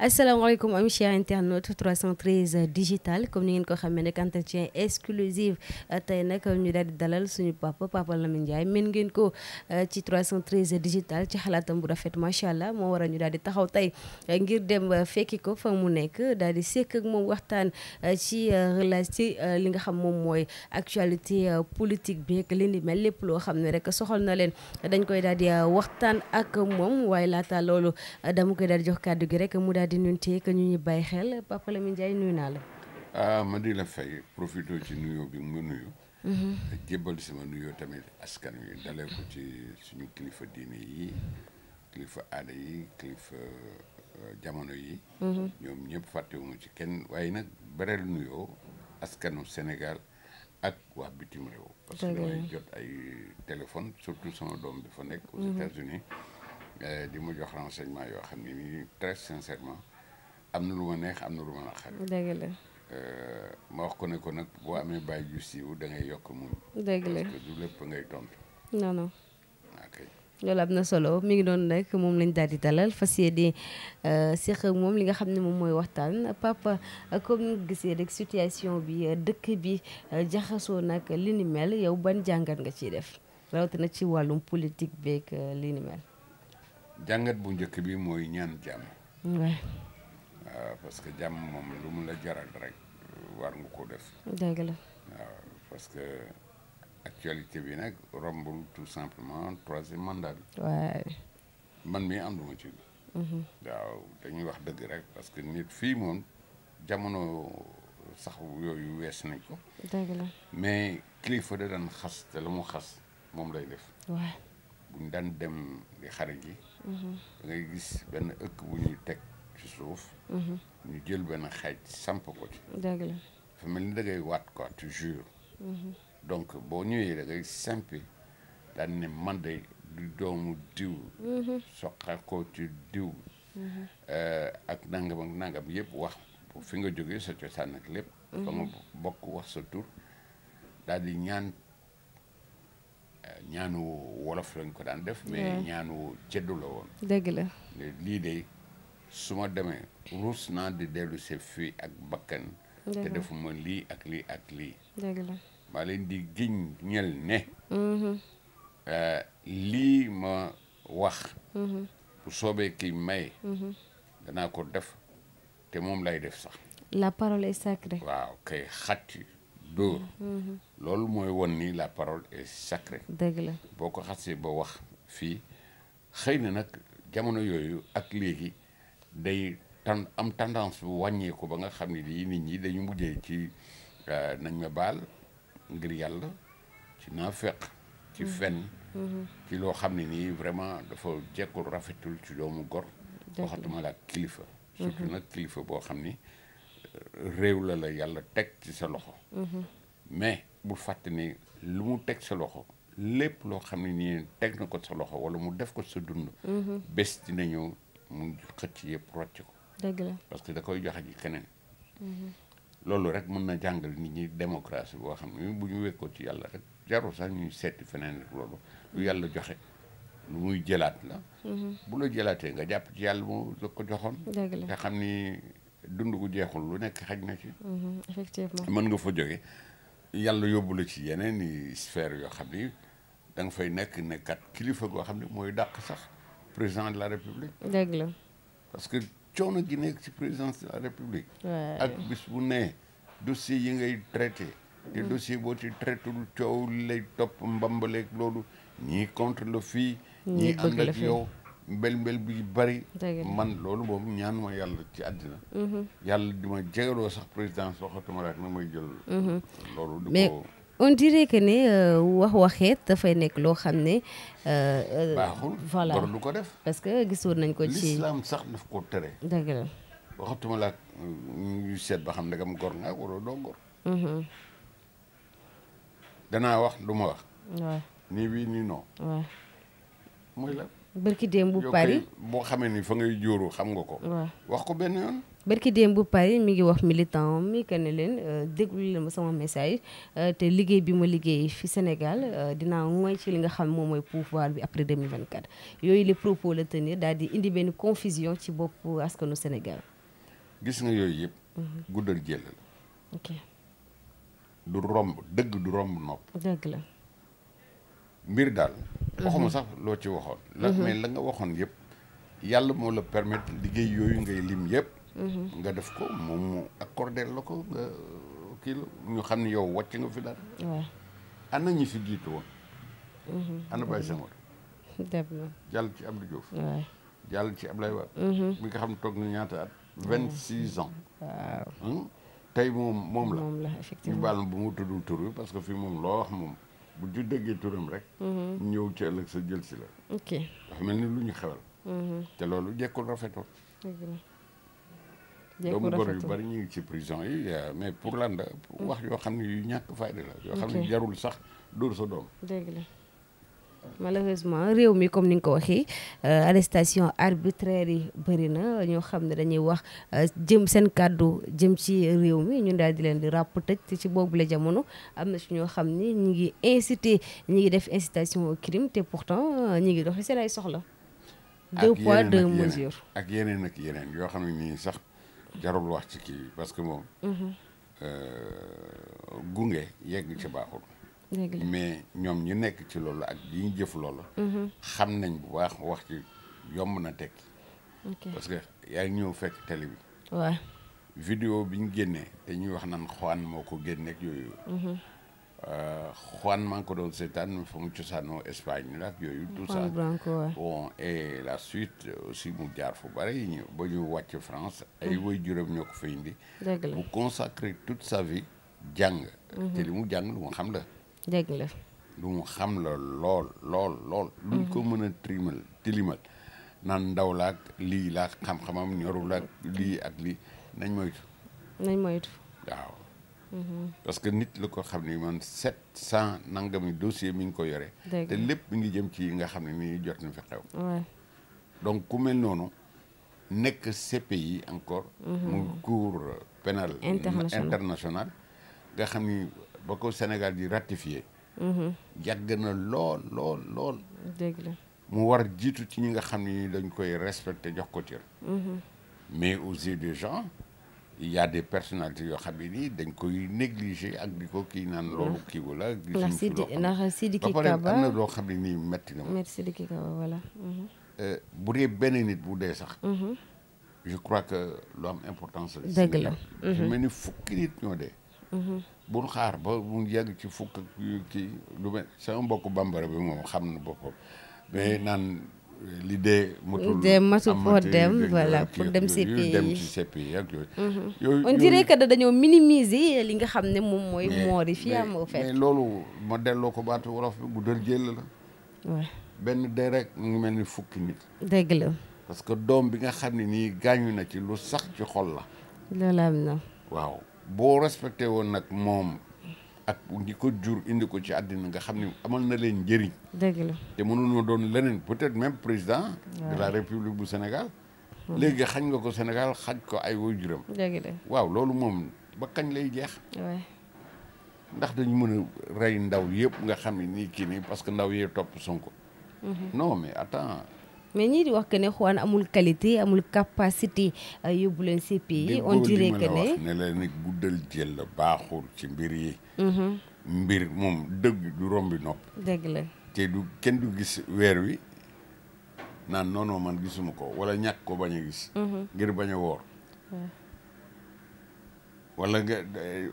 asalaamaaleykum am chers internautes 313 digital comme ni ngeen ko xamee nag entretien exclusive tey nag ñu daal di dalal suñu papa papa Lamine Ndiaye mën ngeen ko eh, ci cent 313 digital ci xalaatam bu rafet macha allah moo waral ñu daal di taxaw tey eh, ngir dem eh, fekki ko fa mu nekk daal di sekk ak moom waxtaan ci relation ci li nga xam moom mooy actualité politique bi ak li ni mel lépp loo xam ne rek soxal na leen dañ koy daal di waxtaan ak moom waaye laata loolu dama koy daal di jox kàddu gi rek mu di nunti que ñu ñuy bàyyi xel Papa Lamine nuyu naa la. Ah, ma di la fay profité ci nuyoo bi mu nuyu. Mhm. jébbal sama nuyoo tamit askan wi dalee ko ci suñu kilifa diine yi kilifa aada yi kilifa euh, jamono yi. Mhm. ñoom ñëpp fàttewuma ci kenn waaye nag bereel nuyoo askanu Sénégal ak waa bitim réew. parce que damay jot ay téléphone surtout sama doom bi nekk. aux mhm. États-Unis euh, di ma jox renseignement yoo xam ne nii très sincèrement. am na lu ma neex am na lu ma naqari. dëgg euh, ma wax ko ne ko nag boo amee bàyyi ju siiw yokk muñ. dëgg loolu am na solo mi ngi doon rek moom lañ daal di dalal fas yéene euh, seq moom li nga xam ne moom mooy waxtaan papa comme ni nga gisee rek situation bi dëkk bi jaxasoo nag linimel ni yow ban jàngat nga ci def rawatina ci wàllum politique beeg euh, li ni mel. jàngat bu njëkk bi mooy ñaan jàmm. Euh, parce que jàmm moom lu mu la jaral rek euh, war nga ko def. dëgg la waaw parce que actualité bi nag rombul tout simplement troisième mandat bi. waay. man mii ànduma ci. Mhm. waaw dañuy wax dëgg rek parce que nit fii moom jamono sax yooyu wees nañ ko. dëgg la mais kilifa de daan xas te la mu xas moom lay def. waaw buñ daan dem di xare ji. Mhm. gis benn ëkk bu ñuy teg. ci suuf ñu jël benn xaaj samp ko ci dëgg la dafa mel ni da ngay waat donc boo ñëwee da ngay simpi ne man de du doomu diw soqa ko ci diw eh, ak nangam ak nangam yëpp wax fi nga jógee sa cosaan ak lépp fa bokk wax sa tur daal di ñaan eh, ñaanu wolof lañ ko daan def mais ñaanu ceddu la woon dëgg la lii de su ma demee ruus naa di dellu si fii ak bakkan te defuma lii ak lii ak lii maa leen di giñ ñel ne mm-hmm. eh, lii ma wax mm-hmm. bu soobee kii may mm-hmm. danaa ko def te moom lay def sax la parole est sacrée waaw kay xatti dóor loolu mooy won nii la parole est sacrée dëgg la boo ko xasee ba wax fii xëy na nag jamono yooyu ak léegi day tan am tendance bu wàññeeku ba nga xam ne lii nit ñi dañu mujjee ci euh, nañ ma baal ngir yàlla ci naafeq ci mm-hmm. fen mm-hmm. ci loo xam ne nii vraiment dafa jekkul rafetul ci doomu gor waxatuma la kilifa mm-hmm. surtout nag kilifa boo xam ni euh, réew la la yàlla teg ci sa loxo mais bul fàtte ni lu mu teg sa loxo lépp loo xam ne nii teg na ko sa loxo wala mu def ko sa dund bés dina ñëw mu xëcc yëpp rocc ko. parce que da koy joxe ci keneen. Mhm. loolu rek mën na jàngal nit ñi démocratie boo xam ne bu ñu wekkoo ci yàlla rek jarul sax ñu seeti feneen rek loolu lu yàlla joxe lu muy jëlaat la. Mhm. bu la jëlaatee nga jàpp ci yàlla mu la ko joxoon. dëgg te xam ni dund gu jeexul lu nekk xaj na ci. Mhm, mën nga fa jóge yàlla yóbbu la ci yeneen i sphère yoo xam ni danga nga fay nekk nekkat kilifa goo xam ne mooy dàq sax. président de la république. dëgg parce que coono gi nekk ci présidence de la république. ak bis bu ne dossier yi ngay traité. te mm. dossier boo ci traité lu coow lay topp mbambaleeg loolu ñii contre la fii. ñii ànd ak yow mbel mbel bi bari. man loolu boobu ñaan ma yàlla ci addina mm-hmm. yàlla di ma jegeloo sax présidence waxatuma rek na may jël. Mm-hmm. loolu du ko. on dirait ne euh, wax waxeet dafay nekk loo xam ne. Euh, euh, baaxul voilà lu ko def. parce que gisoon nañ ko ci l'islam sax daf ko tere. boo la waxatuma la mm, ñu seet ba xam ne gam gor nga wala doo gor. Mm-hmm. danaa wax du ma wax. waaw nii wii nii non. la. barki démb bu Paris boo xamee ni fa ngay jóoru xam nga ko. wax ko benn barki démb bu Paris mi ngi wax militant mi que ne leen euh, déglu leen ma sama message euh, te liggéey bi ma liggéey fi Sénégal euh, dina mooy ci li nga xam moom mooy pouvoir bi après 2024 yooyu les propos la tenir daal di indi benn confusion ci boppu askanu Sénégal. gis nga yooyu yëpp. Mhm. guddal jël la. du romb dëgg du romb nopp. dëgg la. mbir daal. Mhm. waxuma sax loo ci waxoon. la mhm. mais la nga waxoon yëpp yàlla moo la permettre liggéey yooyu ngay lim yëpp. Mm-hmm. nga def ko moom mu accordé la ko nga kii la ñu xam ne yow wàcc nga fi daan waaw ana ñi fi jiitu woon. Mm-hmm. ana Baye Senghor. dëgg la jàll ci ab Diouf. waaw jàll ci Ablaye Wade. Mm-hmm. mi nga xam toog na ñaata at. vingt six ans. waaw hmm? tey moom moom la. ñu baal ma bu mu tuddul tur bi parce que fii moom loo wax moom. bu ju déggee turam rek. ñëw ci ëllëg sa jël si la. ok dafa mel ni lu ñu xewal. te loolu jekkul rafetoon. doomu gor yu bari ñu ngi ci prison yi euh, mais pour lan la wax yoo xam ne yu ñàkk fayda la yoo xam ne jarul sax dóor sa doom malheureusement réew mi comme ni nga ko waxee euh, arrestation arbitraire yi bëri na ñoo xam ne dañuy wax euh, jëm seen kàddu jëm ci réew mi ñu daal di leen di ràpp tëj te ci boobu la jamono am na ci ñoo xam ni ñu ngi incité ñu ngi def incitation au te pourtant ñu ngi doxi seen ay soxla. deux poids deux mesures ak yeneen ak yeneen yoo xam ne jarul wax ci kii parce que moom. Mhm. Euh, gunge yegg ci baaxul. mais ñoom ñu nekk ci loolu ak yi ñu jëf loolu. Mhm. xam nañ bu baax wax ci yomb na tekki. parce que yaa ngi ñëw fekk télé bi. waaw vidéo bi ñu génnee te ñuy wax naan xawaan moo ko génneeg yooyu. Mhm. Euh, Juan maa ngi ko doon seetaan fa cosaanoo Espagne la yooyu. tout ça la suite aussi mu jaar fu bari ñu France. ay woy juróom ñoo fa indi. mu consacré toute sa vie jàng. Mm-hmm. te li mu jàng lu mu xam la. dëgg la. lu mu xam la lool lool lool. luñ ko mën a trimal tilimal naan ndaw la ak lii la xam-xamam ñorul ak ak lii nañ moytu. nañ moytu waaw. parce que nit la ko xam ni man sept cent nangami dossier mi ngi ko yore. te lépp mi ngi jëm ci nga xam ne nii jot na fi xew. donc ku mel noonu nekk CPI encore. Mhm. mu cour pénal international nga xam ni ba ko Sénégal di ratifié. Mhm. yàgg na lool lool lool. dëgg mu war jiitu ci ñi nga xam ni dañ koy respecté jox ko cër. Mhm. mais aux yeux des il y a des personnalités yoo xam ne nii dañ koy négliger ak di ko kii naan mm-hmm. loolu kii wala. ndax Sidi ndax Sidiki Kaba ba pare am na loo xam ne nii métti na ma. métti Sidiki Kaba voilà. Mm-hmm. Euh, bu dee benn nit bu dee sax. Mm-hmm. je crois que lu am importance la. dëgg la su mel ni fukki nit ñoo dee. bu xaar ba mu yàgg ci fukk ak kii lu mel sama mbokku bambara bi moom xam na boppam mais naan. li dee. matul dem matul foo dem voilà pour dem ci pays dem ci ces pays ak yooyu. Mhm. yooyu on dirait que dañoo minimiser li nga xam ne moom mooy. moor yi fii am au fait mais loolu ma delloo ko baatu wolof bi bu dër jël la. waaw benn dee rek mu ngi mel ni fukki nit. dëgg la. parce que doom bi nga xam ne nii gaañu na ci lu sax ci xol la. loolu am na. waaw boo respecté woon nag moom. at ngi ko jur indi ko ci àddina nga xam ne amal na leen njëriñ. dëgg la te mënunoo doon leneen peut-être même président. de la république bu Sénégal. Hmm. léegi xañ nga ko Sénégal xaj ko ay waajuram. dëgg waaw loolu moom ba kañ lay jeex. ndax dañu mën a rey ndaw yëpp nga xam ne nii kii nii parce que ndaw yee topp Sonko. Mm-hmm. non mais attends. mais ñii di wax que ne amul qualité amul capacité euh, yóbbu leen si pays on dirait que ne ne la guddal jël baaxul ci mbir yi mhm. mbir moom dëgg du rombi nopp dëgg la te du kenn du gis weer wi naan non man gisuma ko wala ñàkk ko bañ a gis mhm. ngir bañ a woor wala nga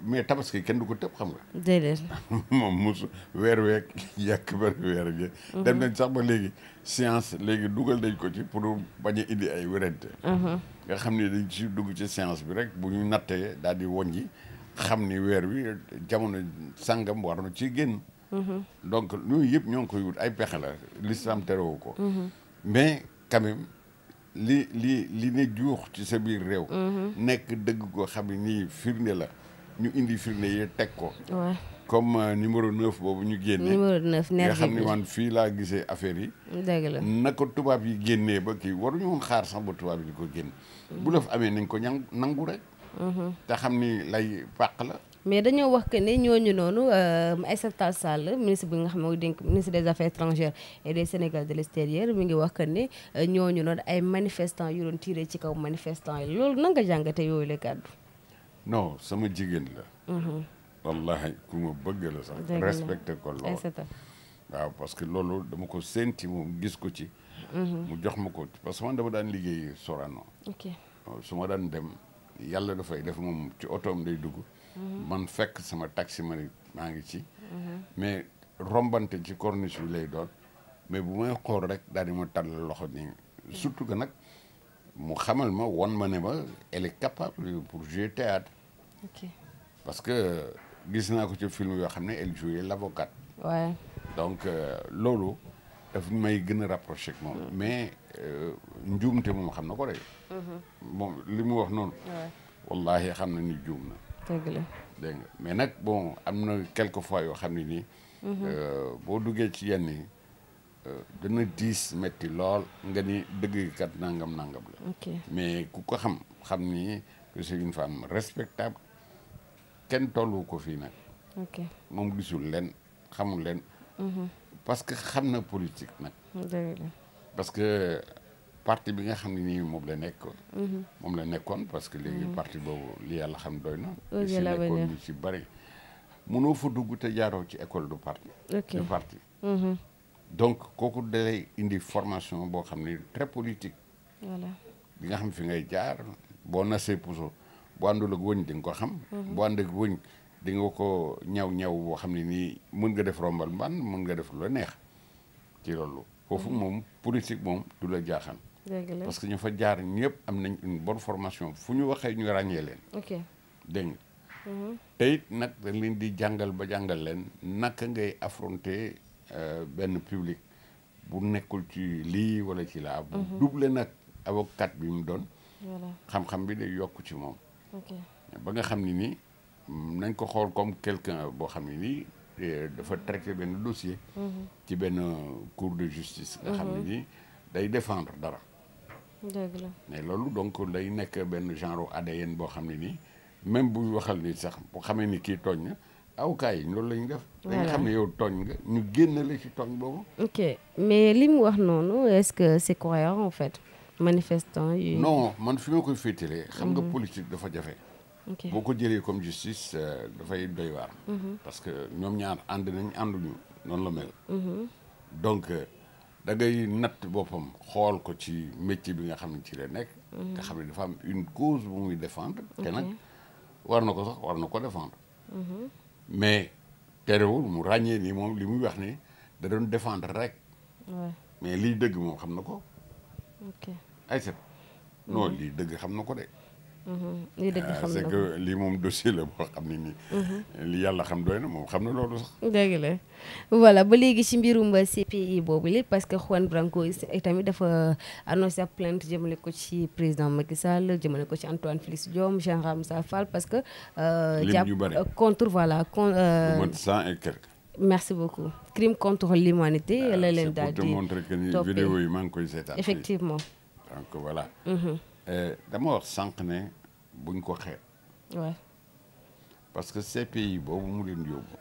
mais tabaski kenn du ko tëb xam nga. déedéet. moom mosu weer weeg yàq bari weer gi. Mhm. dem nañ sax ba léegi science léegi dugal nañ ko ci pour bañ a indi ay wérante. Mhm. nga xam ne dañ ci dugg ci science bi rek bu ñu nattee daal di wàññi xam ni weer wi jamono sàngam war na ci génn. Mhm. donc ñooñu yëpp ñoo ngi koy wut ay pexe la l'islam terewu ko. mais quand li li li ne juux ci sa biir réew mhm. nekk dëgg ko xam ni firnde la ñu indi firnde yi teg ko comme euh, numéro 9 boobu ñu génnee numéro nga xam ni wan fii laa gisee affaire yi dëgg na ko tubaab yi génnee ba ki waruñu woon xaar sax ba tubaab yi di ko génne bu la fa mhm. amee nañ ko ñan nangu rek mhm. te xam ni lay pàq la mais dañoo wax que ne ñooñu noonu euh, Aïssata Tall Sall ministre bi nga xam ne mooy dénk ministre des affaires étrangères et des Sénégalais de l'extérieur mi ngi wax que ne euh, ñooñu noonu ay manifestants yu doon tiré ci kaw manifestant yi loolu nan nga jàngate yooyu la kàddu. non sama jigéen la. Mm-hmm. wallahi ku bëgg la sax. respecté ko lool parce que loolu dama ko sénti moom gis ko ci. Mm-hmm. mu jox ma ko parce que man dama daan liggéey Sorano. su ma daan dem yàlla dafay def moom ci otoom day dugg. man fekk sama taxi ma maa ngi ci. mais rombante ci corniche bi lay doon mais bu may xool rek daal di ma tàllal loxo nii surtout que nag mu xamal ma won ma ne ma elle est capable pour jouer théâtre. parce que gis naa ko ci film yoo xam ne elle jouait l'avocate. Ouais. donc euh, loolu daf may gën a rapproché ak moom. Mm-hmm. mais euh, njuumte moom xam na ko rek. Mm-hmm. li mu wax noonu. wallaahi xam na ni juum na. dëgg la nga mais nag bon am na quelque fois yoo xam ne nii. Mhm. Euh, boo duggee ci yenn yi euh, dana diis métti lool nga ni dëgg kat nangam nangam la. mais ku ko xam xam ni que c'est une femme kenn tollu ko fii nag. ok moom gisul leen xamul leen. Mhm. parce que xam na politique nag. parce que parti bi nga xam ne nii moom la nekk mhm. moom la nekkoon parce que léegi mhm. parti boobu li yàlla xam doy na. li si nekkoon ñu si bëri. mënoo fa dugg te jaaroo ci école du parti. du parti. Mhm. donc kooku dalay indi formation boo xam ni très politique. bi nga xam fi ngay jaar boo nasee puso boo àndul ak wëñ di nga ko xam. boo ànd ak wëñ di nga ko ñaw ñaw boo xam ne nii mën nga def rombal mbaan mën nga def la neex ci loolu. foofu moom politique moom du la jaaxal. parce que ñu fa jaar ñëpp am nañ une bonne formation fu ñu waxee ñu ràññee leen. ok dégg mhm. nag dañ leen di jàngal ba jàngal leen naka ngay affronter euh, benn public bu nekkul ci lii wala ci laa. bu mhm. double nag avocat bi mu doon. xam-xam bi day yokk ci moom. ba nga xam ni nii nañ ko xool comme quelqu'un boo xam ne nii euh, dafa traité benn dossier. Mhm. ci benn cour de justice. nga xam ne nii day défendre dara. dëgg la mais loolu donc day nekk benn genre ADN boo xam ne nii même bu waxal ni sax bu xamee ni kii tooñ na awukaay loolu la ñu def. dañu xam ne yow tooñ nga ñu génn la ci tooñ boobu. ok mais li mu wax noonu est-ce que c'est cohérent en fet manifestant yi. non man fi ma koy féetalee. xam nga mhm. politique dafa jafe. boo ko jëlee comme justice euh, dafay doy waar. Mhm. parce que ànd nañ ànduñu noonu la mel. Mhm. donc. Euh, da ngay natt boppam xool ko ci métier bi nga xam ne ci la nekk. Mhm. te xam ne dafa am une cause bu muy défendre. te war na ko sax war na ko défendre. Mhm. mais terewul mu ràññee ni moom li mu wax ni da doon défendre rek. mais lii dëgg moom xam na ko. ok ay set non mhm. liy dëgg xam na ko de. Mm-hmm. lii dëgg ah, xam c'est que lii moom dossier la boo xam ne nii. Mm-hmm. yàlla xam doy na moom xam na loolu sax. dëgg la voilà ba léegi ci mbirum CPI boobu lépp parce que Juan Branco eh, tamit dafa euh, annoncé ab plainte jëmale ko ci président Macky Sall jëmale ko ci Antoine Félix Diome Jean-Ramé Moussa Fall parce que. Euh, jàpp contre voilà con. Euh, merci beaucoup crime contre l'humanité ah, la leen daal di vidéo yi maa ngi koy seetaan effectivement donc voilà. Mm-hmm. dama wax buñ ko xeeb. waaw parce que CPI boobu mu leen yóbbu.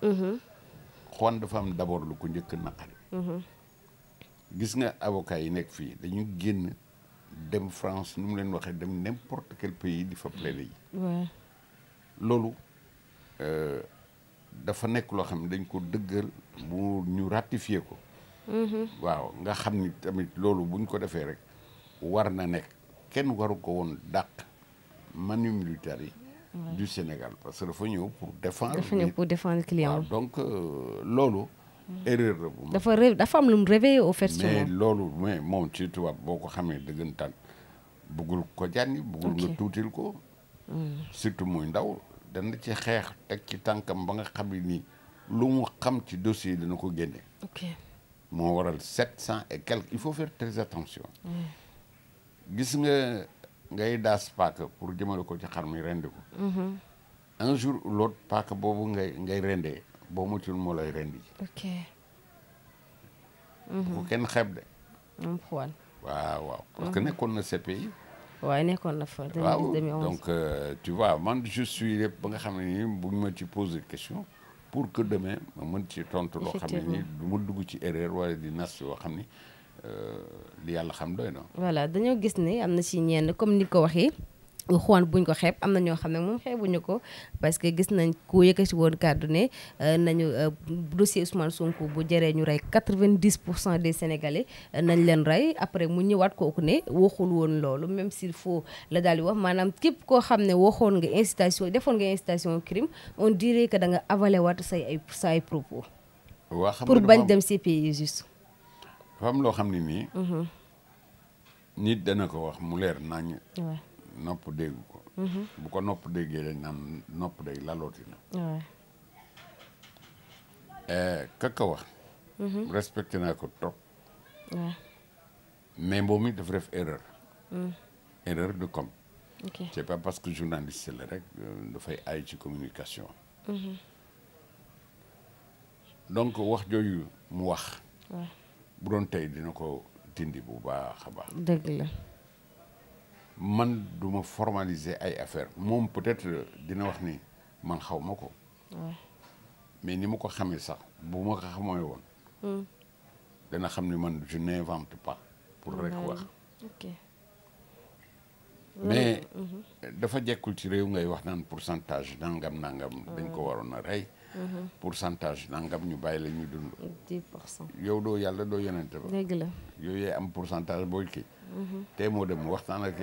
xoon mm-hmm. dafa am d'abord lu ko njëkk naqari. Mm-hmm. gis nga avocat yi nekk fii dañu génn dem France nu mu leen waxee dem n'importe quel pays di fa plaider yi. loolu euh, dafa nekk loo xam ne dañ ko dëggal bu ñu ratifier ko. Mm-hmm. waaw nga xam ni tamit loolu buñ ko defee rek war na nekk kenn waru ko woon dàq. manu militari du Sénégal parce que dafa ñëw pour défendre. dafa ñëw pour client donc euh, loolu. erreur la bu dafa ré dafa am lu mu réveillé au fait. mais loolu mais moom ci tubaab boo ko xamee dëggantaan buggul ko jànni bëggul nga tuutil ko. Hmm. surtout mooy ndaw dana ci xeex teg ci tànkam ba nga xam ne nii lu mu xam ci dossier yi dina ko génne. moo waral sept cent et quelques il faut faire très attention. Hmm. gis nga. ngay daas paaka pour jëmale ko ci xar mi rend ko mhm. un jour paaka boobu ngay ngay rendee boo muccul moo lay rendi ok ko mhm. kenn xeeb de moom xuwaan waaw waaw parce que mhm. nekkoon na CPI waaye nekkoon na fa waaw donc euh, tu vois man je suis ba nga xam ne nii bu ma ci poser question pour que demain ma mën ci tontu loo xam ne nii du dugg ci erreur wala di nas yoo xam ni Euh, li yàlla xam doy na. voilà dañoo gis ni am na ci ñenn comme ni ko waxee. xuan buñ ko xeeb am na ñoo xam ne moom xeebuñu ko parce que gis nañ ku yëkkati woon kàddu ne euh, nañu euh, dossier Ousmane Sonko bu jëree ñu rey 90 pour cent des sénégalais nañ leen rey après mu ñëwaat kooku ne waxul woon loolu même si foo la daal di wax maanaam képp koo xam ne waxoon nga incitation defoon nga incitation crime on dire que da nga avalé waat say ay say ay propos. bañ dem ci pays dafa loo xam ne nii. Mhm. nit dana ko wax mu leer nañ nopp dégg ko. Mhm. bu ko nopp déggee dañ naan nopp day lalooti na. kaka eh, wax. Mhm. respecté naa ko trop. mais moom it dafa def erreur. Mm. de com. ok pas parce que journaliste la rek euh, dafay aay ci communication. donc wax jooju mu wax. bu doon tey dina ko dindi bu baax a baax. man duma formaliser ay affaire moom peut-être dina wax nii man xaw ma ko. mais ni ma ko xamee sax bu ma ko xamee woon. Hmm. dana xam ni man je n'invente pas. pour rek wax. mais mhm. dafa jekkul ci réew ngay wax naan centage nangam nangam. dañ ko waroon na rey. Mm-hmm. pourcentage nangam ñu bàyyi la ñuy yow doo yàlla doo yonente ba. dëgg yow yee am pourcentage booy kii. Mm-hmm. tey moo dem waxtaan ak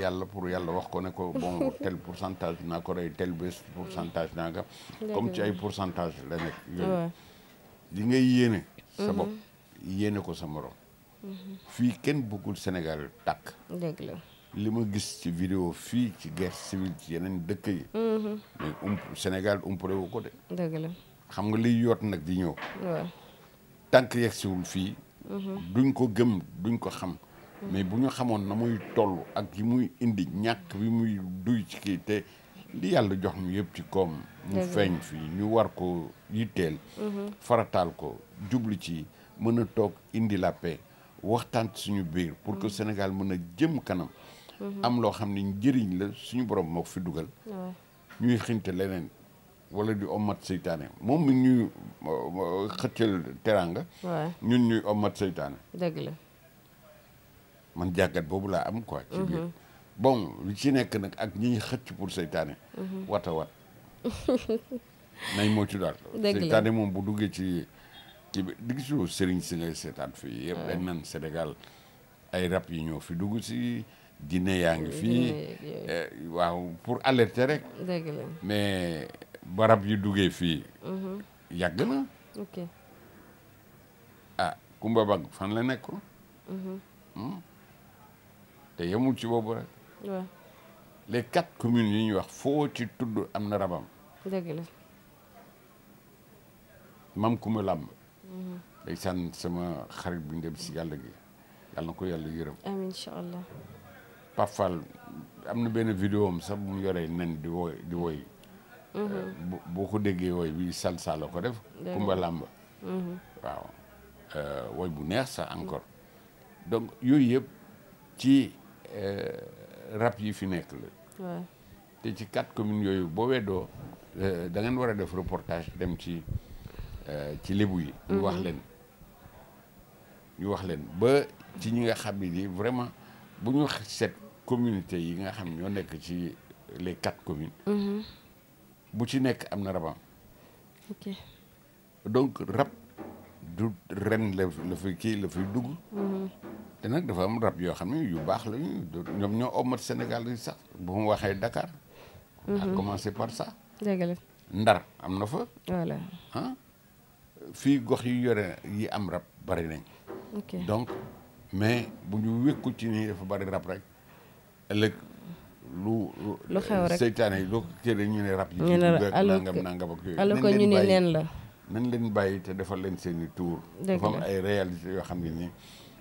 yàlla pour yàlla wax ko ne ko bon tel pourcentage naa ko rey tel bés pourcentage nangam. comme ci ay pourcentage la nekk. yooyu li ngay yéene. sa mm-hmm. ko sa morom. fii kenn bëggul Sénégal takk li ma gis ci vidéo fii ci gerte civile ci yeneen dëkk yi. Mhm. mais ump Sénégal umpare wu ko de. xam nga liy yoot nag di ñëw. waaw tànk fii. Mhm. duñ ko gëm duñ ko xam. mais bu ñu xamoon na muy toll ak yi muy indi ñàkk bi muy duy ci kii te li yàlla jox ñu yëpp ci koom. mu feeñ fii ñu war ko yitteel. Mhm. farataal ko jublu ci mën a toog indi la paix suñu biir. pour que Sénégal mën a jëm kanam. Mhm. am loo xam ne njëriñ la suñu borom mook ko fi dugal. ñuy xinte leneen wala di omat seytaane moom mi ñuy euh, xëccal teraanga. ñun ñuy omat seytaane. man jàggat boobu laa am quoi. ci biir mhm. bon ci nekk nag ak ñi ñuy xëcc pour seytaane. Mhm. wata wat nañ moytu daal. la seytaane moom bu duggee ci ci bi sëriñ si ngay seetaan fii yëpp dañ naan Sénégal ay rab yi ñoo fi dugg si. dine yaa ngi fii eh, waaw pour alerter rek dëgg la mais barab yu duggee fii mhm. yàgg na ok ah Kumba Bang fan la nekkoon mhm. hmm? te yemul ci boobu rek waaw les quatre communes yi ñuy wax foo ci tudd am na rabam mam Kumba lam mhm. day san sama xarit bi ndem si yàlla gi yàlla na ko yàlla yërëm amiin incha allah Pape Fall am na benn vidéo am sax bu mu yoree nen di woy di woy mhm. eh, boo ko déggee woy bi salsala ko def Kumba Làmba mhm. waaw eh, woy bu neex sax encore donc yooyu yëpp ci eh, rab yi fi nekk la te ci quatre communes yooyu boo weddoo dangeen war a def reportage dem ci ci lébu yi ñu mhm. wax leen ñu wax leen ba ci ñi nga xam ne nii bu ñu seet communauté yi nga xam ñoo nekk ci les quatre communes. Mhm. bu ci nekk am na rabam. ok donc rab du ren la fi kii la fi dugg. Mhm. te nag dafa am rab yoo xam ne yu baax la ñu ñoom ñoo omat Sénégal yi sax bu mu waxee dakaar a mhm. commencé par ça. ndar am na fa. voilà fii gox yu yore yi am rab bari nañ. donc mais bu ñu wékku ci nii dafa bari rab rek. ëllëg lu lu xew rek seytaane yi lu kii ñu ne rab yi. ñu ne la nangam nangam ak yooyu. alors que ñu ni neen la nañ leen bàyyi te defal leen seen i tuur. dafa am ay réalités yoo xam ne nii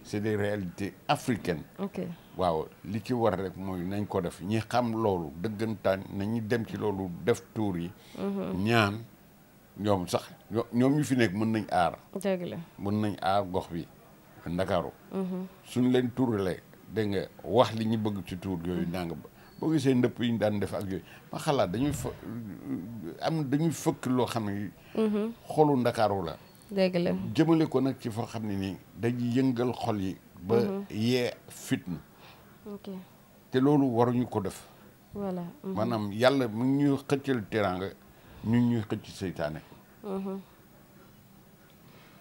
c'est des réalité africaines. waaw li ci war rek mooy nañ ko def ñi xam loolu dëggantaan nañu dem ci loolu def tuur yi. Mhm. ñaan ñoom sax ñoom ñu fi nekk mën nañ aar. dëgg la mën nañ aar gox bi Ndakaaru. Mhm. suñ leen tuuralee. dégg nga wax li ñu bëgg ci tuur yooyu nangam boo gisee ndëpp yi ñu daan def ak yooyu ma xalaat dañuy am dañuy fëkk loo xam ne. Mhm. xolu ndakaaru la. dëgg la jëmale ko nag ci foo xam ne nii dañuy yëngal xol yi. ba mhm. yee fitna. te loolu waruñu ko def. voilà mhm. maanaam yàlla mu ngi ñuy xëccal teraanga ñu ñuy xëcc seytaane.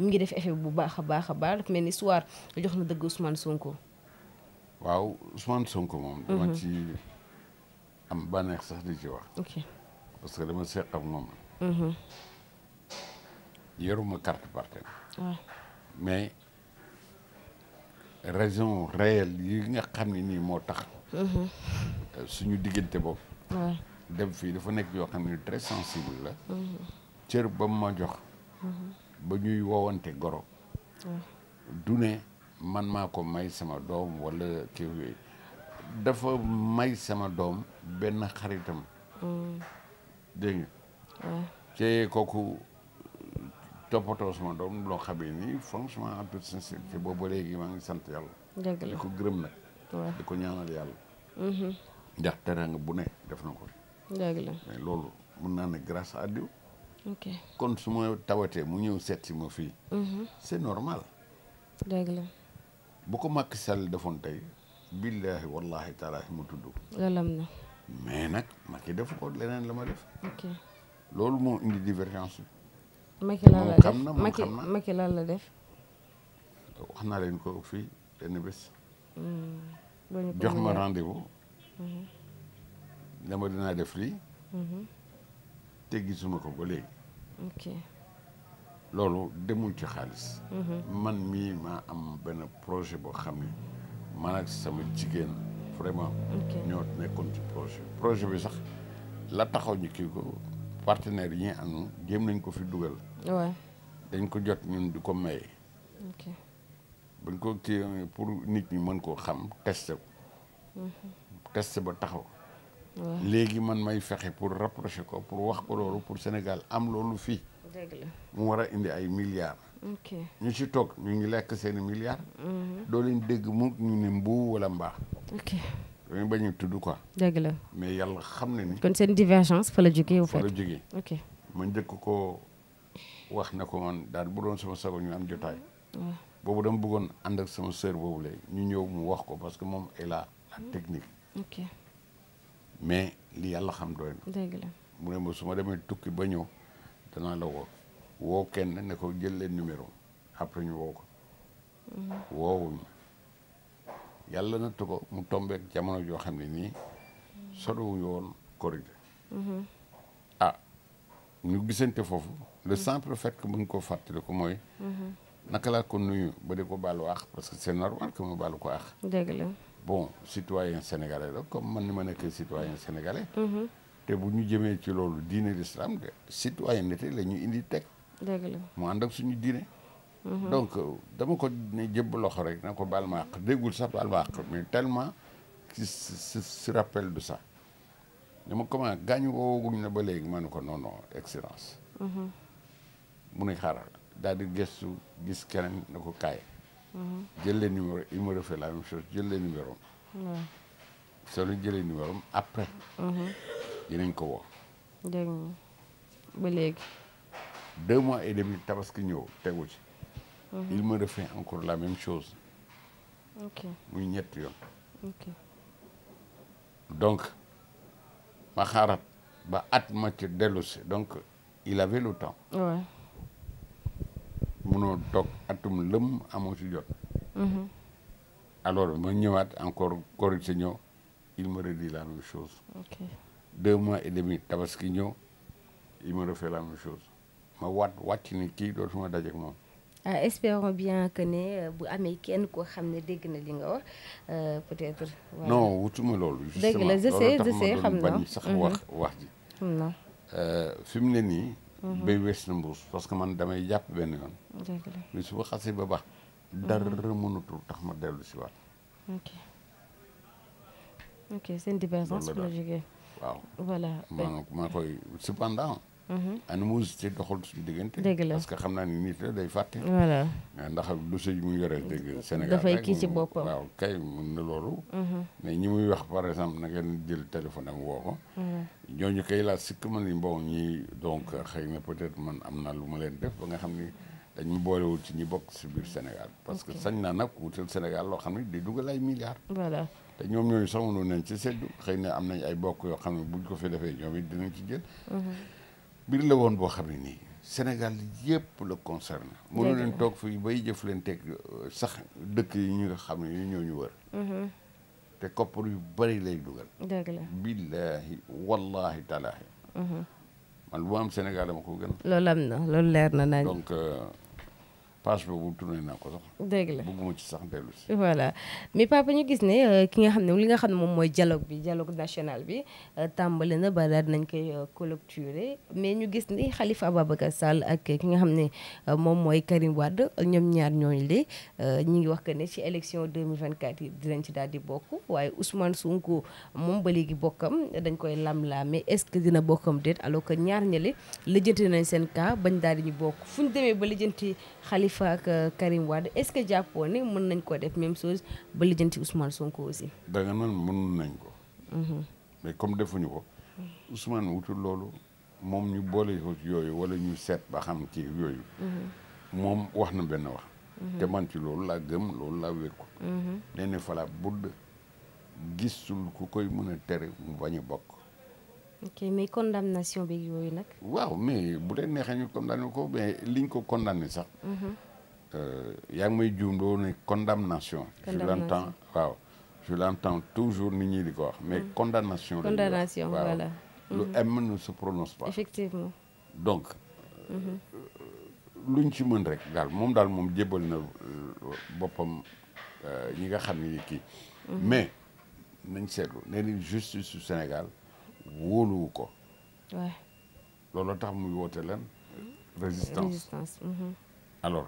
mu ngi def effet bu baax a baax baax dafa mel ni soir jox na dëgg Ousmane Sonko. waaw Ousmane Sonko moom. Mhm. dama ci am bànneex sax di ci wax. ok parce que dama seq ak moom. Mhm. yoruma carte parti waaw mais raison réelle yi nga xam ni nii moo tax. Mhm. suñu diggante boobu. dem fii dafa nekk yoo xam ne très sensible la. cër ba mu ma jox. ba ñuy woowante goro mm. du ne man maa ko may sama doom wala kii dafa may sama doom benn xaritam mm. dégg nga te kooku toppatoo sama doom loo xamee nii franchement en toute sincérité maa ngi sant yàlla di ko gërëm mm-hmm. loolu mun naa ne grâce à kon su ma tawatee mu ñëw seet si ma fii. Mhm. c'est normal. dëgg la. bu ko Macky Sall defoon tey. billaahi wallaahi taalaahi mu tudd. loolu am na. mais nag Macky def ko leneen la ma def. loolu moo indi divergence bi. Macky lan la def moom xam na Macky lan la def. wax naa leen ko fii benn bés. Hmm. jox ma rendez-vous. Mhm. dama dinaa def lii. Mhm. te gisuma ko ba léegi. loolu demul ci xaalis. Mhm. man mii maa am benn projet boo xam ni man ak sama jigéen vraiment. ñoo nekkoon ci projet projet bi sax la taxaw ñu kii ko partenaires yi ñuy ànd gém nañ ko fi dugal. dañ ko jot ñun du ko may ok buñ ko kii pour nit ñi mën koo xam testé ko. Mhm. testé ba taxaw. léegi man may fexe pour rapprocher ko pour wax ko loolu pour Sénégal am loolu fii. mu war a indi ay milliards. ok ñu si toog ñu ngi lekk seen i milliards. Mhm. doo leen dégg mu ñu ne mbu wala mbaa. ok dañu bañ a tudd ko dëgg la mais yàlla xam na ni. kon seen divergence fa la jógee. fa la jógee ma njëkk ko wax na ko man daal bu doon sama sago ñu am jotaay. boobu dama bëggoon ànd ak sama sœur boobu la ñu ñëw mu wax ko parce que moom est mhm. technique. mais li yàlla xam doy na. ne ma su ma demee tukki ba ñëw danaa la woo woo kenn ne ko jël leen numéro après ñu woo ko. Mm-hmm. woowul ma yàlla nattu ko mu tombeek jamono joo xam ne nii soriwul woon korite mm-hmm. ah ñu gisante foofu le mm-hmm. simple fait que mu ko fàttali ko mooy. naka laa ko nuyu ba di ko baalu àq parce que c'est normal que mu baalu ko àq. dëgg la. bon citoyen sénégalais comme man ni ma nekk citoyen sénégalais mhm. te bu ñu jëmee ci loolu diine l'islam de citoyenneté la ñu indi teg dëgg mu ànd ak suñu diine mhm. donc euh, dama ko ne jëbb loxo rek na ko baal ma àq déggul sax baal ma àq mais tellement qui ko rappelle de ça dama comment gaañu woowaguñ na ba léegi ma ne ko non non excellence mhm. mu ne xaaral daal di gëstu gis keneen na ko kaay jël leen numéro il me refait la même chose jël leen numéro am. soo leen jëlee numéro am après. Mhm. dinañ ko woo. dégg ba léegi. deux mois et demi tabaski ñëw tegu ci. Mhm. il me refait la même chose. muy ñetti yoon. ok donc ma xaaraat ba at ma ci dellusi donc il avait le temps. munoo toog atum lëm amoo si jot. Mhm. alors ma ñëwaat encore korite ñëw il me redit la même chose. ok deux mois et demi tabaski ñëw il me refait la même chose ma waat ci ni kii dootuma dajeek moom. ah espérons bien que ne euh, bu amee kenn koo xam ne dégg na li nga wax euh, peut-être. non wutuma loolu. dëgg la je sais je sais xam na sax mhm. wax wax ji. Euh, fi ne nii. Mm-hmm. bay wees na mbuus parce que man damay jàpp benn yoon mais su ba xasee ba baax mm-hmm. dara mënatul tax ma dellu si waat ok ok seen divergence la jógee waaw maa maa koy cependant Mm-hmm. animosité doxal suñu diggante. dëgg la parce que xam naa ndax lu sëñ mu yore dëgg Sénégal dafay kii ci boppam waaw kay mun na loolu. Mm-hmm. mais ñi muy wax par exemple na ngeen jël téléphone am woo ko. Mm-hmm. ñooñu kay laa sikk man ni bon ñii donc xëy na peut man am na lu ma leen def ba nga xam ni. dañu boolewul ci ñi bokk si biir Sénégal parce que sañ naa nag wutal Sénégal loo xam ne di dugal ay milliards voilà te ñoom ñooñu sax mënoon nañ ci seddu xëy na am nañ ay bokk yoo xam ne buñ ko fi defee ñoom it dinañ mbir la woon boo xam ne nii Sénégal yëpp la concerné mënu leen toog fii bay jëf leen teg euh, sax dëkk yi ñu nga xam ne ñu ñu wër mm-hmm. te koppar yu bari lay dugal dëgg la billaahi wallaahi talaahi mm-hmm. man bu am Sénégal dama ko gën loolu loolu leer na nañ euh, page boobu tourné naa ko sax. dëgg la bëgguma ci sax dellu si. voilà mais papa ñu gis ne euh, ki nga xam ne li nga xam ne moom mooy dialogue bi dialogue national bi euh, tàmbali na ba daal nañ koy euh, clôturer mais ñu gis ni Khalifa Ababacar Sall ak ki nga xam ne moom mooy Karim Wade ñoom ñaar ñooñu de ñu ngi wax que ne ci élection 2024 yi dinañ ci daal di bokk waaye Ousmane Sonko moom ba léegi bokkam dañ koy lamlaame est-ce que dina bokkam déet alors que ñaar ñële lijjanti nañ seen cas bañ daal di ñu bokk Khalifa ak euh, Karim Wade est-ce jàppoo ne mën nañ ko def même chose ba lijjanti Ousmane Sonko aussi. da nga naan mën nañ ko. Mhm. mais comme defuñu ko. Ousmane wutul loolu moom ñu boole ko yooyu wala ñu seet ba xam ci yooyu. Mhm. moom wax na benn wax. Mhm. te man ci loolu laa gëm loolu laa wér ko. nee na fa budd gisul ku koy mën tere mu bañ a bokk. ok mais condamnation beeg nag. waaw mais bu dee neexee ñu condamné ko mais liñ ko condamné sax. Mhm. Euh, yaa ngi may juum doo ne condamnation. waaw je toujours ni ñi di ko wax mais mhm. lu mhm. M ne se prononce pas. effectivement donc. Euh, luñ ci mën rek daal moom daal moom jébbal na euh, boppam ñi nga xam ne kii. mais nañ seetlu nee nañ justice su Sénégal. wóoluwu ko. waaw loolu tax muy woote lan résistance résistance. Mhm. alors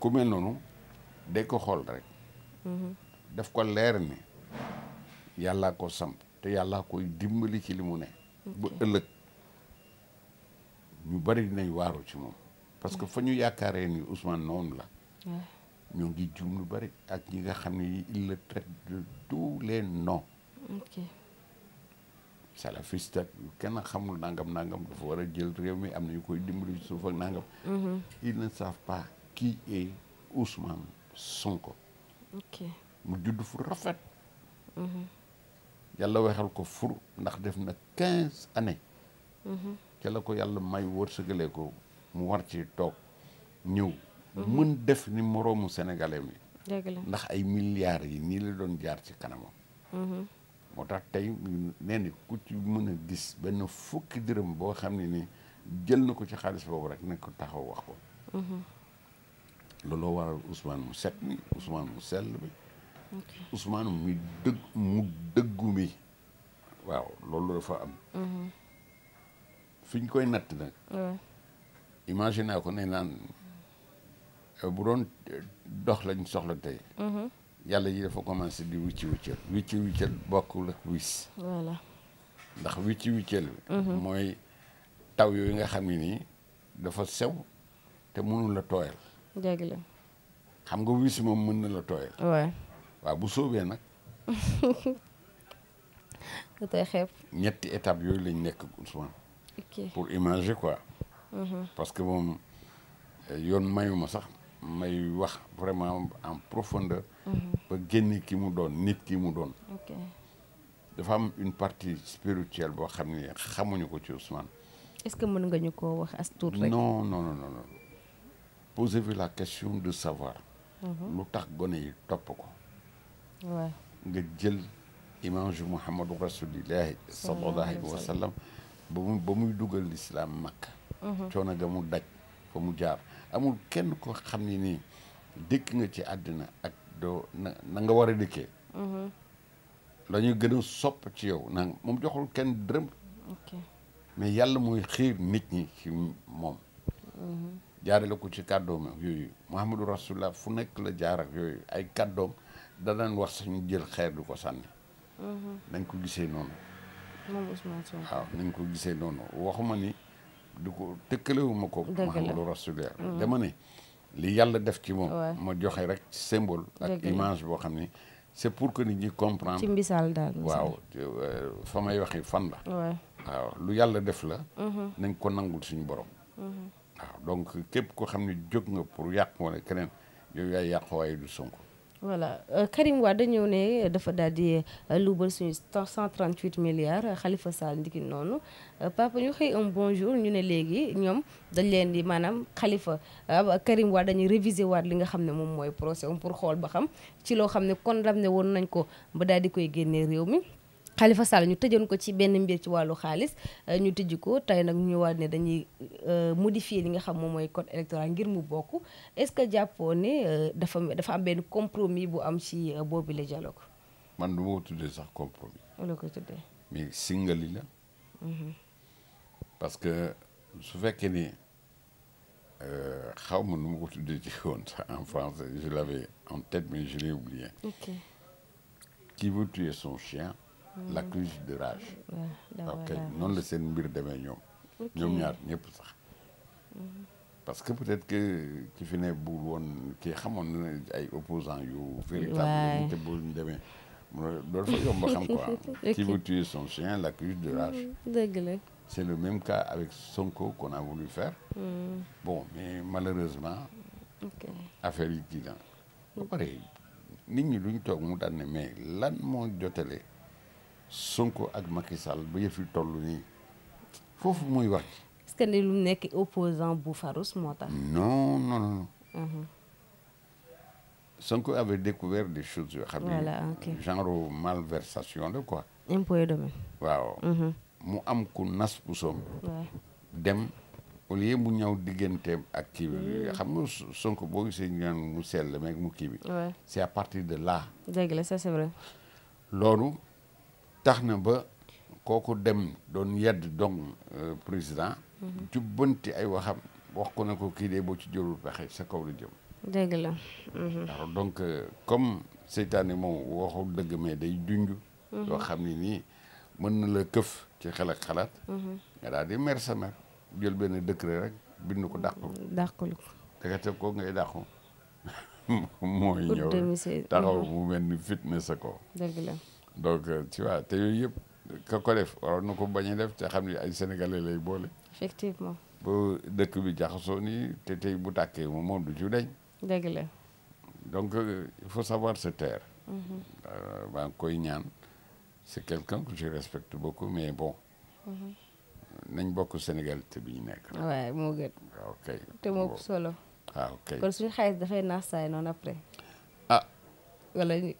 ku noonu day ko xool rek. Mhm. daf ko leer ni yàllaa ko samp te yàllaa koy dimbali ci li mu ne. ba ëllëg ñu bari dinañ waaru ci moom. parce que fa ñu yaakaaree ni Ousmane noonu la. ñoo ngi jum lu bari ak ñi nga xam ne il le traite de tous les noms. salafiste ak kenn xamul nangam nangam dafa war a jël réew mi am na ñu koy dimbali suuf ak nangam. Mm-hmm. ils ne savent pas kii est Ousmane Sonko. ok mu judd fu rafet. Mm-hmm. yàlla waxal ko fur ndax def na quinze années. Mm-hmm. ca la ko yàlla may wërsëgale ko mu war ci toog ñëw. mën def ni moroomu sénégalais mi. ndax ay milliards yi nii la doon jaar ci kanamam. moo tax tey nee na ku ci mën a gis benn fukki dërëm boo xam ne ni jël na ko ci xaalis boobu rek nekk taxaw wax ko. Mm-hmm. looloo waral Ousmane mu set mi mu sell mu dëgg mu dëggu mm-hmm. koy natt nag. imagine naa ko ne naan bu doon dox lañ soxla tey. Mm-hmm. yàlla ji dafa commencé di wicci wiccal wicci wiccal bokkul ak wis voilà ndax wicci wiccal bi mhm. mooy taw yooyu nga xam ne nii dafa sew te mënul la tooyal xam nga wis moom mën na la tooyal waaw bu soobee nag da tey xeeb ñetti étape yooyu lañ nekk Ousmane pour imager quoi mhm. parce que moom euh, yoon mayuma sax may wax vraiment en profondeur. Mhm. ba génne ki mu doon nit ki mu doon. dafa am une partie spirituelle boo xam ni xamuñu ko ci Ousmane. est que mën nga ñu ko wax as tuut rek. non non non non posez la question de savoir. Mhm. lu tax gone yi topp ko. waaw nga jël image Muhammadu Rasulillahi sallallahu alayhi wa sallam ba muy ba muy lislaam Makka. Mhm. coono ga mu daj fa mu jaar. amul kenn ko xam ni nii dëkk nga ci àddina ak doo na nga war a dëkkee dañuy mhm. gën a sopp ci yow na moom joxul kenn dërëm mais yàlla muy xiir nit ñi ci moom mhm. jaarale ko ci kàddoom ak yooyu Muhammadu Rasulullah fu nekk la jaar ak yooyu ay kàddoom da daan wax suñu jël xeer du ko sànni dañ mhm. ko gisee noonu waaw nañ ko gisee noonu waxuma ni du ko tëkkalewuma ko Muhammadu Rasulullah mm. dama ne li yàlla def ci moom ma joxe rek symbole ak image boo xam ni c'est pour que ni ñi comprendre ci misaal daal waaw euh, fa may waxi fan la waaw lu yàlla def la mm-hmm. nañ ko nangul suñu borom mm-hmm. waaw donc képp ko xam ne jóg nga pour yàq wala keneen yow yaay waaye du Sonko voilà euh, Karim Wade ñëw ne dafa daal di euh, luubal suñu 138 milliards Khalifa Sall ndiki noonu euh, papa ñu xëy un bonjour ñu ne léegi ñoom dañ leen di maanaam Khalifa Karim Wade dañuy réviser waat li nga xam ne moom mooy procès am pour xool ba xam ci loo xam ne kon ne woon nañ ko ba daal di koy génnee réew mi. xalifa Sall ñu tëjoon ko ci benn mbir ci wàllu xaalis euh, ñu tëj ko tey nag ñu war ne dañuy euh, modifier li nga xam moom mooy code électoral ngir mu bokk est-ce que jàppoo ne euh, dafa dafa am benn compromis bu am ci boobu la ko man du ma ko tuddee sax compromis. wala ko tuddee. mais singali la. Mhm. parce que su fekkee ni xaw ma nu ma ko tuddee ci woon sax en français je en tête mais je l'ai oublié. ok qui veut son chien. la crise de rage ok noonu la seen mbir demee ñoom ñoom ñaar ñëpp sax mm-hmm. parce que peut-être que ki fi ne bu woon kii xamoon na ay opposant yu véritable te bu ñu demee loolu fa yomb xam quoi qui veut son chien la crise mm-hmm. le même cas avec Sonko qu'on a voulu faire mm. bon mais malheureusement affaire yi kii na ba pare nit ñi duñ toog mu daan ne mais lan moo jotale Sonko ak Macky Sall ba yëf yi nii foofu mooy wax. est-ce lu nekk opposant bu Farousse moo ta non non mhm. Sonko avait découvert des choses yoo xam ne. voilà ok genre malversation la quoi. impôt et domaine. waaw. Mhm. mu am ku nas bu soom dem au lieu mu ñëw ak kii bi mm. Sonko boo gisee ñu mu sell meeg mu kii bi. c'est partir de là. la loolu. tax na ba kooku dem doon yedd dong euh, président mhm. jubbanti ay waxam wax ko na ko kii dee boo ci jëlul pexe sa kaw la jëm dëgg la mhm. alors donc euh, comme seytaane moom waxul dëgg mais day junj mhm. loo xam ne nii mën na la këf ci xel ak xalaat nga daal di mer sa mer jël benn décret rek bind ko dàqul dàqul ko dëgate ko ngay dàqu mooy ñëw taxaw mu mel fitna sa ko dëgg la donc euh, tu vois te yooyu yëpp ka ko def waroon na ko bañ def te xam ne ay sénégalais lay boole. effectivement. bu dëkk bi jaxasoo ni te tey bu tàkkee moom moom du ci deñ. la. donc euh, il faut savoir se taire. Mm-hmm. Euh, maa ngi koy ñaan c'est quelqu'un que je respecte beaucoup mais bon. Mm-hmm. nañ bokk Sénégal bi ñu nekk. waaw moo gën. ok te moo solo. Ah, ok kon suñu xaalis dafay naax saay noonu après. ah wala.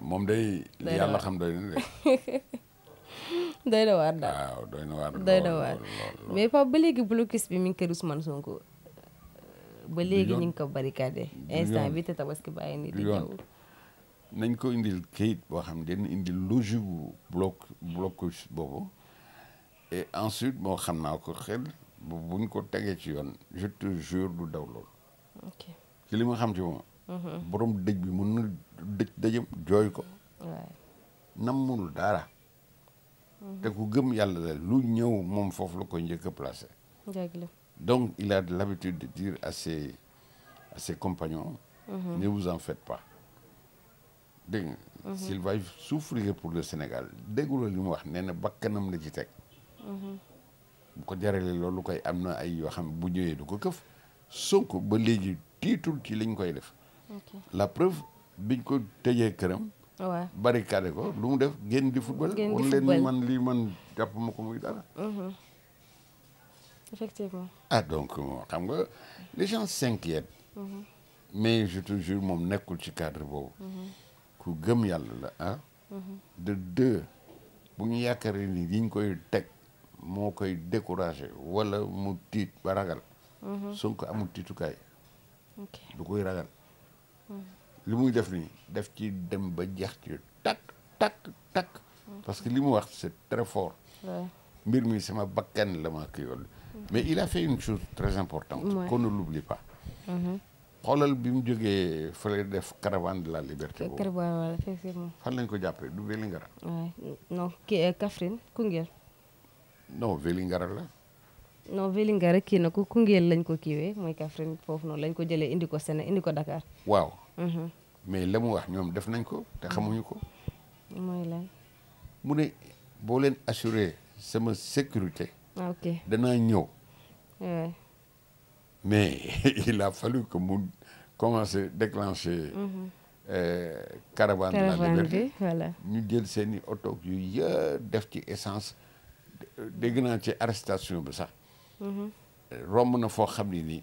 moom day. li yàlla xam doy na de. doy na waar daal waaw doy na waar. doy na waar mais Pape ba léegi blocus bi mi ngi kër Ousmane Sonko. ba léegi ñu ngi ko barricadé. instant bi te tabaski bàyyi ni di ñëw nañ ko indil kayit boo xam ne dañ indil logique bu bloc blocus boobu et ensuite moo xam naa ko xel bu buñ ko tegee ci yoon je te jure du daw loolu. ok ci li ma xam ci moom. Mm-hmm. borom dëj bi mën na dëj dëjëm jooy ko nam nammul dara mm-hmm. te ku gëm yàlla la lu ñëw moom foofu la ko njëkk a placé donc il a l'habitude de dire à ses à mm-hmm. ne vous en fait pas dégg nga s'il va pour le Sénégal dégguloo li mu wax nee na bakkanam la ci teg bu ko jarale loolu koy am na ay yoo xam bu ñëwee du ko këf Sonko ba léegi tiitul ci liñ koy def la preuve biñ ko tëjee këram. waaw barricade ko lu mu def génn di football. génn di man lii man jàpp ma ko muy dara. Mhm. effectivement. ah donc xam nga les gens s'inquiètent. Mhm. mais je te moom nekkul ci cadre boobu. Mhm. ku gëm yàlla la ah. de deux bu ñu yaakaaree ni liñ koy teg moo koy découragé wala mu tiit ba ragal. Sonko amul tiitukaay. du koy ragal. li muy def nii def ci dem ba jeex ci takk takk takk parce que li mu wax c'est très fort mbir mi sama bakkan la ma ki yoll mais il a fait une chose très importante qu'on ne l'oublie pas mm-hmm. xoolal bi mu jógee fële def caravane la liberté boobu caravane wala effectivement fan lañ ko jàppee du Vélingara non Kaffrine Koungheul non Vélingara la non Vélingara rek kii na ko Koungheul lañ ko kiiwee mooy Kaffrine foofu noonu lañ ko jëlee indi ko Séné indi ko Dakar. waaw. Mhm. mais la mu wax ñoom def nañ ko te ko. Mm. mooy mu ne boo leen assure sama sécurité. Ah, ok danaa ñëw. mais il a fallu que mu commencer déclencher. Mhm. Euh, caravane de la liberté ñu jël seeni i oto yu yëpp def ci essence dégg naa ci arrestation bi romb na foo xam ni nii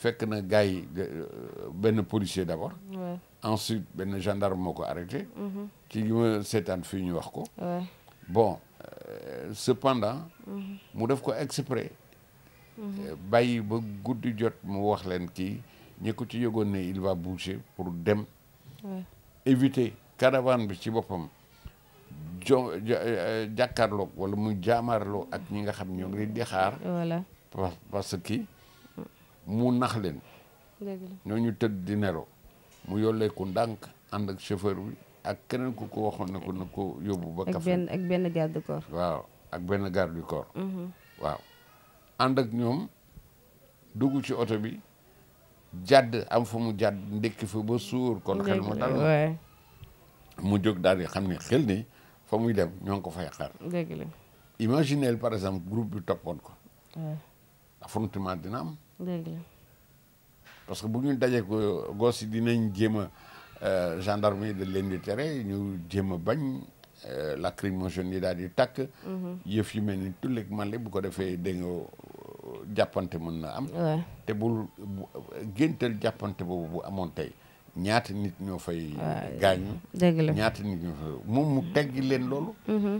fekk na gars yi euh, benn policier d' abord. ensuite benn gendarme moo ko arrêté. ci mhm. li ma seetaan ñu wax ko. bon euh, cependant. Mhm. mu def ko exprès. Mhm. Euh, bàyyi ba guddi jot mu wax leen kii ñi ko ci yëgoon ne il va bouger pour dem. éviter caravane bi ci boppam. jo eh, jàkkaarloog wala muy jaamaarloo ak ñi nga xam ñoo ngi di xaar. voilà parce que mu nax leen. ñoo ñu ñooñu tëdd di nelaw mu yolleeku ndànk ànd ak chauffeur bi ak keneen ku ko waxoon ne ko na ko yóbbu. ba café benn ak benn waaw ak benn garde du mm-hmm. ak ñoom dugg ci oto bi jàdd am fa mu jàdd ndekki fa ba suur. kon xel mu dal mu jóg daal di xam ne xel ni. fa muy dem ñoo ngi ko fay xaar. dëgg la par exemple groupe bi toppoon ko. affrontement dina am. parce que bu ñu dajee ko gos yi dinañ jéem a euh, gendarmerie leen di tere ñu jéem a bañ euh, lacrymogène yi daal di tàkk. Mhm. yëf yu mel ni tulleeg man bu ko defee dégg jàppante mën na am. te bul géntal jàppante boobu bu amoon tey. ñaati nit ñoo fay gaañu ñaata nit ñoo fay moom mu teggi leen loolu mm-hmm.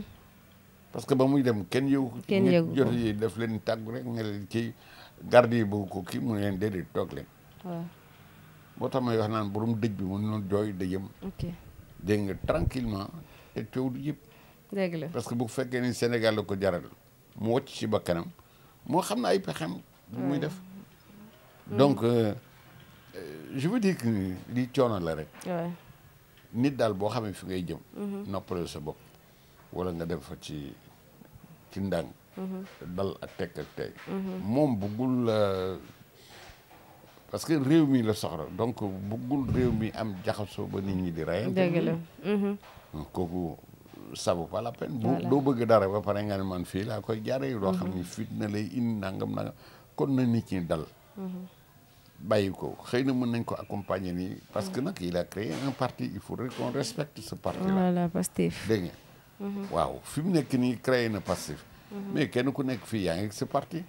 parce que ba muy dem kenn yëgu ko kenn yëgu jot leen tàggu rek ne leen kii garde yi bëgg ko kii mu ne leen déedéet toog leen waaw tax may wax naan borom dëj bi mën noonu jooy dëjëm ok dégg nga tranquillement te coow du yëpp parce que bu fekkee ni Sénégal ko jaral mu wocc ci bakkanam moo xam ne ay pexem bu muy def mm. donc euh, Euh, je veux dire que coono la rek. nit daal boo xamee fi ngay jëm. Mhm. noppaloo sa bopp. wala nga dem fa ci ci ndànk. Mhm. dal ak tekk ak tey. Mhm. moom bëggul euh, parce que réew mi la soxla donc bëggul réew mi am jaxasoo ba nit ñi di reyante. dëgg la. kooku ça vaut la peine. doo bëgg dara ba pare nga ne man fii laa koy jaaree. loo xam ni fitna lay indi nangam nangam kon na nit ñi dal. bàyyi ko xëy na mën nañ ko accompagner nii parce que nag il a créé un parti il faudrait qu'on respecte ce parti là voilà Pastef dégg nga mhm. waaw fi mu nekk nii créé na Pastef mhm. mais kenn ku nekk fii yaa ngi sa parti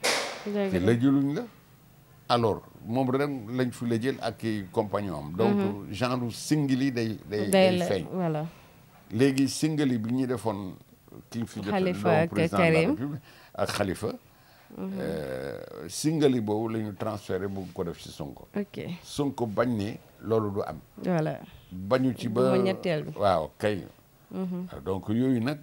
te lëjëluñ la alors moom ren lañ fi la jël ak compagnon am donc mhm. genre single yi day day day feeñ léegi single yi bi ñu defoon kii fi jot président de la République ak Khalifa Euh, singali boobu la ñu transféré bëgg ko def si Sonko. ok Sonko bañ ne loolu du am. voilà bañu ci ba. ñetteel bi waaw kay. Mhm. donc yooyu nag.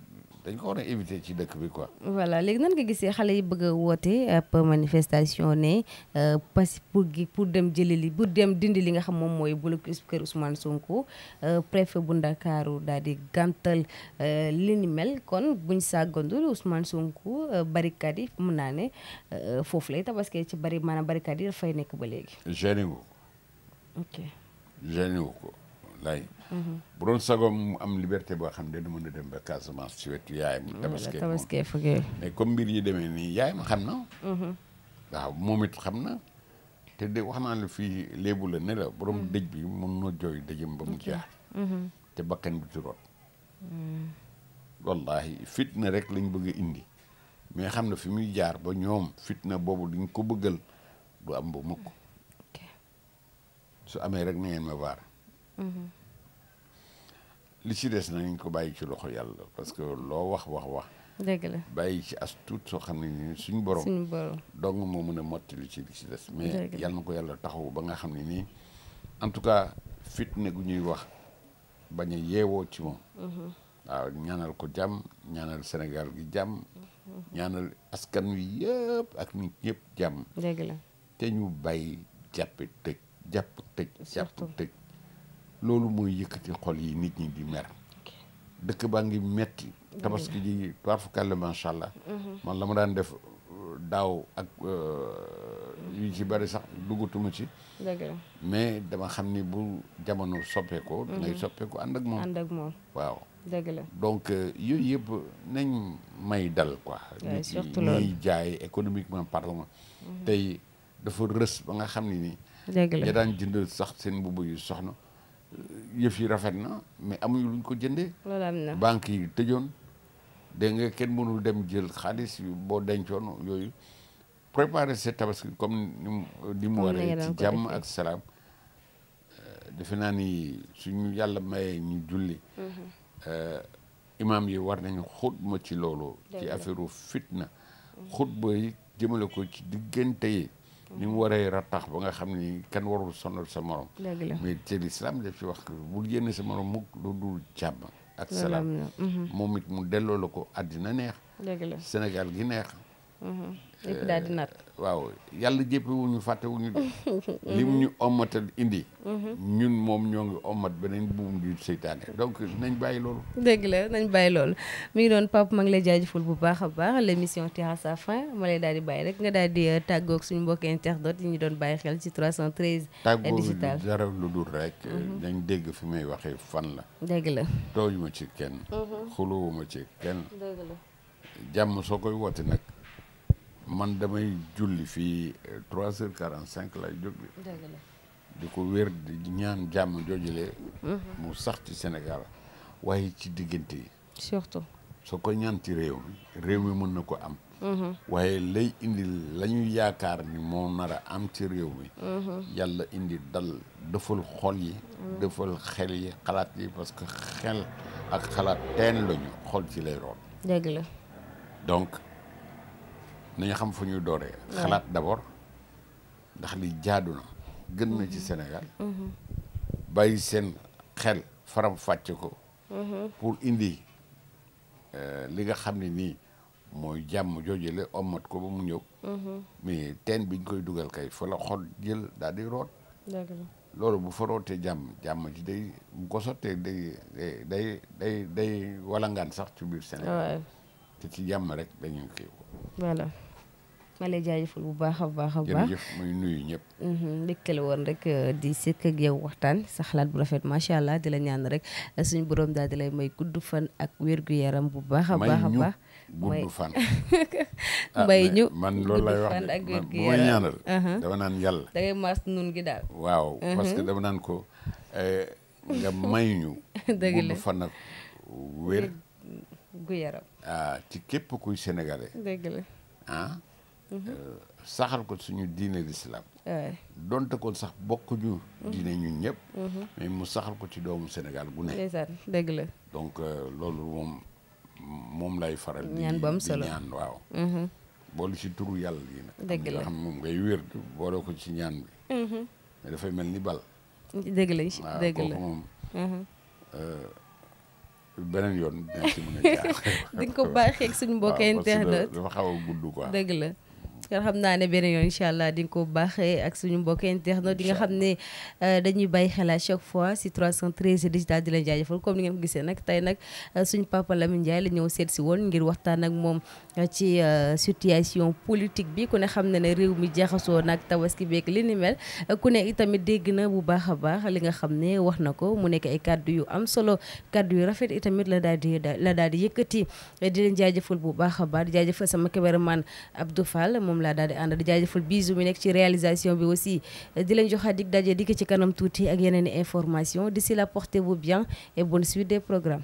dañ ko war a ci dëkk bi quoi. voilà léegi nan nga gisee xale yi bëgg a woote ab manifestation ne euh, parce pour gi pour dem jëli li bu dem dindi li nga xam moom mooy blocus kër Ousmane Sonko euh, préfet bu Ndakaaru daal di gàntal euh, li ni mel kon buñ sàggandul Ousmane Sonko barricade yi mun naa ne foofu lay tabaskee ci bari maanaam barricade yi dafay nekk ba léegi. génne wu lay mhm. bu doon sagoom mu am liberté boo xam ne du mën a dem ba Casamance ci wetu yaayam tabaskee mais comme mbir yi demee nii yaay yaayam xam na mhm. waaw moom it xam na te de wax naa la fii léebu la ne la borom mhm. dëj bi mun na jooy dëjëm ba mu jeex te bakkan bi ci mm. wallahi fitna rek lañ bëgg a indi mais xam na fi muy jaar ba ñoom fitna boobu duñ ko bëggal du am ba mukk su amee rek na ma waar li ci des nañ ko bàyyi ci loxo yàlla parce que loo wax wax wax. dëgg bàyyi ci as tuut soo xam ne nii suñu borom. suñu borom moo mën a mottali ci li ci des. mais yal na ko yàlla taxaw ba nga xam ne nii en tout cas fitne gu ñuy wax bañ a yeewoo ci moom. Mm-hmm. waaw ñaanal ko jàmm ñaanal senegal gi jàmm. Mm-hmm. ñaanal askan wi yëpp ak nit ñëpp jàmm. dëgg la te ñu bàyyi jàpp tëj jàpp tëj. jàpp tëj. loolu mooy yëkkati xol yi nit ñi di mer dëkk baa ngi metti tabaski ji tubaarfukàlla macha allah. Mhm. man la ma daan def euh, daaw ak euh, yu ci bari sax duggatuma ci. mais dama xam ni bu jamono soppeekoo. da ngay soppeeku ànd mhm. ànd ak moom. donc euh, yooyu yëpp nañ may dal quoi. surtout loolu ñuy jaay économiquement parlant. Mhm. tey dafa rës ba nga xam ni nii. dëgg la daan jëndal sax seen mbubb yu soxna. yëf yi rafet na mais amuñu luñ ko jëndee. loolu yi tëjoon. dégg nga kenn mënul dem jël xaalis boo dencoon yooyu préparer sa tabaski comme ni di mu waree ci jàmm ak salaam. Euh, defe naa ni suñu yàlla mayee ñu julli. Mm-hmm. Euh, imaam yi war nañu xutma ci loolu. ci affaire fitna. Mm-hmm. xutba yi jëmale ko ci diggante yi. ni mu waree rattax ba nga xam ni kenn warul sonal sa morom. mais te l'islam daf ci wax bul yéene sa morom mukk lu dul jàmm ak salaam mhm. moom it mu delloo la ko àddina neex. Sénégal gi neex. Mhm. lépp daal di nar euh, waaw yàlla jéppewuñu fàttewuñu de lim ñu ommatal indi mhm. ñun moom ñoo ngi omat ommat beneen buum di seytaane donc nañ bàyyi loolu dëgg la nañ bàyyi loolu mi ngi doon Pape ma ngi lay jaajëfal bu baax a baax l' émission tire à sa fin ma lay daal di bàyyi rek nga daal di euh, tàggoog suñu mbokk internautes yi ñu doon bàyyi xel ci 313 digital tàggoog dara lu dul rek dañ euh, mhm. dégg fi may waxee fan la dëgg la tooñu ma ci kenn mhm. xulóowu ci kenn dëgg jàmm soo koy nag man damay julli fii euh, trois heures quarante cinq lay jóg di ko wér di ñaan jàmm joojule mhm. mu sax ci Sénégal waaye ci diggante yi surtout soo ko ñaan ci réew mi réew mi mën na ko am mhm. waaye lay indi la yaakaar ni moo nar a am ci réew mi mhm. yàlla indi dal dëfal xol yi dëfal xel yi xalaat yi parce que xel ak xalaat teen lañu xol ci lay rool nañu xam fu ñuy dooree. xalaat d'abord ndax li jaadu na. gën na ci mm-hmm. Sénégal. Mm-hmm. bàyyi seen xel faram fàcce ko. Mm-hmm. pour indi euh, li nga xam ne nii mooy jàmm joojule omat ko ba mu ñëw. mais teen biñ koy dugal kay fa la xol jël daal di root. loolu bu fa rootee jàmm jàmm ji day bu ko day day day day day sax ci biir Sénégal. te ci jàmm rek dañuy kii. voilà. ma lay jaajëfal bu baax a baax a baax jërëjëf muy nuyu ñëpp ndégte mm-hmm, la woon rek euh, di sekk ak yow waxtaan sa xalaat bu rafet macha allah di la ñaan rek euh, suñu borom daal di lay may gudd fan ak wér gu yaram bu baax a baax a baax gudd fan ah, may ñu man loolu lay wax ak wér gu yaram bu ma ñaanal uh-huh. dama naan yàlla da ngay maas nun gi daal waaw uh-huh. parce que dama naan ko eh, nga may ñu dëgg la gudd fan ak wér gu yaram ah ci képp kuy sénégalais dëgg la ah Mm-hmm. Euh, saxal ko suñu diine l'islam donte kon sax ñu mm-hmm. diine ñun ñëpp mm-hmm. mais mu saxal ko ci doomu Sénégal gu ne dëgg la donc euh, loolu moom moom lay faral di ñaan waaw boolu ci turu yàlla yi nag dëgg la xam ngay wér boole ko ci ñaan bi mais dafay mel ni bal dëgg la dëgg la waaw moom euh, beneen yoon dina ci mën a jaar di ko baaxee ak suñu mbokk internet dafa xaw a gudd quoi dëgg la kon xam naa ne beneen yoon incha allah di nga ko baaxee ak suñu mbokk internet di nga xam ne euh, dañuy bàyyi xel à chaque fois si 313 digital di leen jaajëfal comme ni ngeen ko gisee nag tey nag euh, suñ papa Lamine Ndiaye la ñëw seet si woon ngir waxtaan ak moom ci euh, situation politique bi ku ne xam na ne réew mi jaxasoo nag tabaski beeg li ni mel ku ne itamit dégg na bu baax a baax li nga xam ne wax na ko mu nekk ay kaddu yu am solo kaddu yu rafet itamit la daal di la daal di yëkkati di leen jaajëfal bu baax a baax di jaajëfal sama cameraman Abdou Fall moom laa daal di ànd di jaajëfal bisu mi nekk ci réalisation bi aussi di leen joxaat dig daje dikk ci kanam tuuti ak yeneen i information d'ici là portez-vous bien et bonne suite des programmes